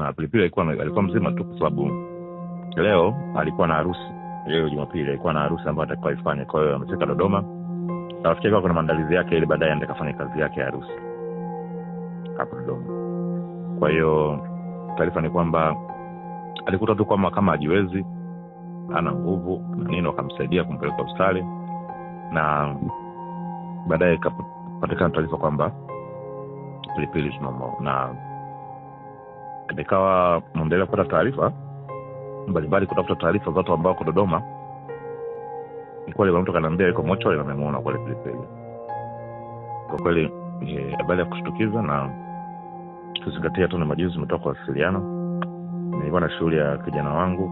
mzima. Pilipili alikuwa alikuwa mzima tu, kwa sababu leo alikuwa na harusi, leo Jumapili alikuwa na harusi ambayo atakuwa ifanya. Kwa hiyo amefika Dodoma, rafiki yake kuna maandalizi yake, ili baadaye aende kafanya kazi yake ya harusi hapo Dodoma. Kwa hiyo taarifa ni kwamba alikuta tu kwamba kama ajiwezi ana nguvu na nini, wakamsaidia kumpeleka hospitali na baadaye ikapatikana taarifa kwamba Pilipili tunamuona na nikawa naendelea kupata taarifa mbalimbali, kutafuta taarifa za watu ambao wako Dodoma. Kweli mtu kanaambia iko mochari na memuona Pilipili. Kwa kweli ni habari ya kushtukiza, na kuzingatia tu na majuzi umetoka kuwasiliana, nilikuwa na shughuli ya kijana wangu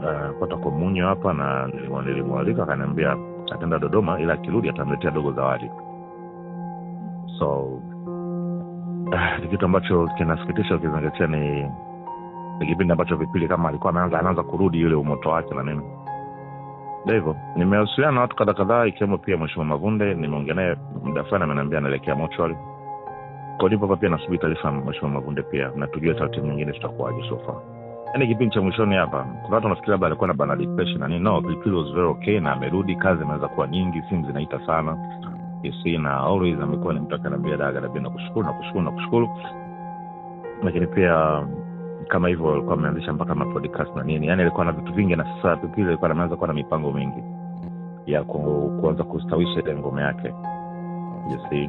ah, pata kwata kwa munyo hapa, na nilimwalika akaniambia ataenda Dodoma, ila akirudi atamletea dogo zawadi so Ah, ni kitu ambacho kinasikitisha ukizingatia ni ni kipindi ambacho vipili kama alikuwa ameanza anaanza kurudi yule umoto wake na nini hivyo nimehusiana na watu kadha kadhaa ikiwemo pia mweshimua mavunde nimeongea naye muda fulani ameniambia anaelekea mochwali ko nipo hapa pia nasubiri taarifa mweshimua mavunde pia na tujue taratibu nyingine tutakuwaje sofa yaani kipindi cha mwishoni hapa kuna watu wanafikiri labda alikuwa na bana nanini no pilipili was very okay na amerudi kazi imeweza kuwa nyingi simu zinaita sana PC na always amekuwa ni mtu akanambia daga labia nakushukuru nakushukuru nakushukuru lakini pia kama hivyo alikuwa ameanzisha mpaka mapodcast na nini yani alikuwa na vitu vingi na sasa vipili alikuwa ameanza kuwa na mipango mingi ya ku, kuanza kustawisha ile ngome yake you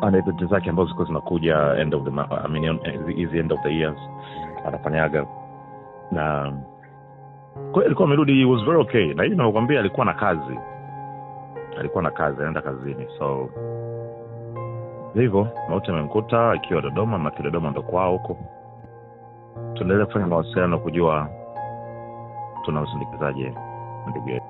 anaidoto zake ambazo zilikuwa zinakuja end of the I mean, hizi end of the years anafanyaga na kwa alikuwa amerudi was very okay na hii nakwambia alikuwa na kazi alikuwa na kazi anaenda kazini so hivyo mauti amemkuta akiwa dodoma maki dodoma ndo kwao huko tuendelee kufanya mawasiliano kujua tunamsindikizaje ndugu yetu